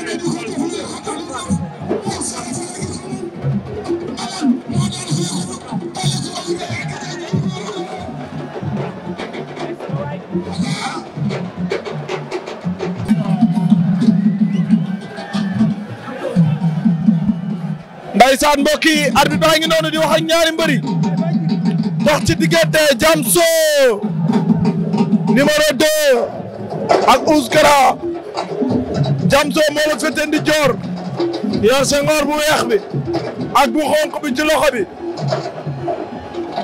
Ndeysaan mbokk yi arbitre baa ngi noonu di wax ak ñaari mbëri dox ci diggante Diamso numéro 2 ak Ouskara Jamso moo la féete ndi joor yor sengoor bu weex bi ak bu xonq bi ci loxo bi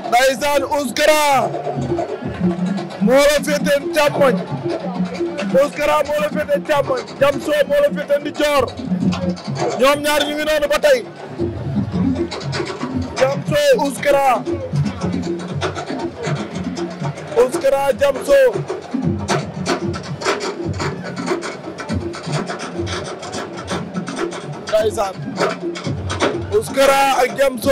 ndaysaan Ouskara moo la féete càmmoñ Ouskara moo la féete càmmoñ Jamso moo la féete ndi joor ñoom ñaar ñu ngi noonu ba tey Jamso Ouskara Ouskara Jamso ndeysaan Ouskara ak Jamso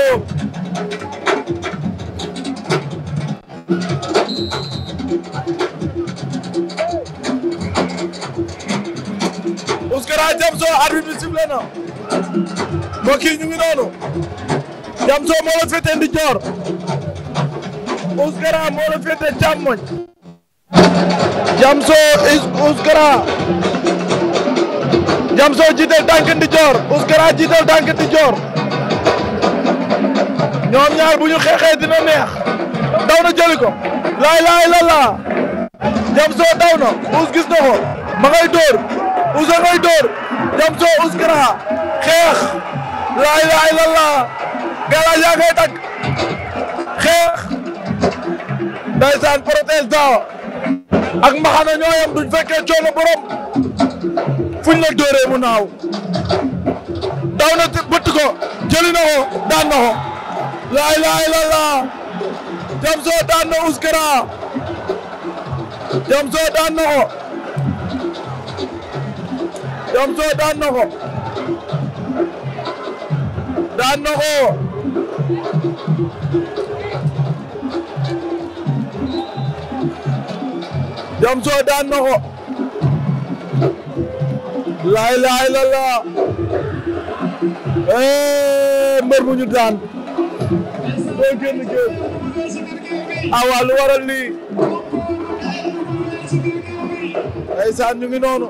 Ouskara Jamso arbitre bi sifflé na mbokk yi ñu ngi noonu Jamso moo la féete ndijoor Ouskara moo la féete càmmoñ Jamso Ouskara Ndiam Sow jiital tànk ndi joor Ouskara jiital tànk ndi ñoom ñaar bu ñu xeexee dina neex daw na laay laay la laa Ndiam Sow gis na ma ngay dóor Ous ngay dóor Ndiam Sow xeex laay laay la laa galaaj yaa ngay takk xeex ndaysaan protège daaw ak ñooyam duñ fekkee coono borom fuñ la dóoree mu naaw daw daan na ko laa ilaaha Jamso daan na Ouskara Jamso daan na Jamso daan na daan na Jamso daan na laa ilaaha illallah eh, mbër bu ñu daan doo génn génn awaa ah, lu waral lii ñu ngi noonu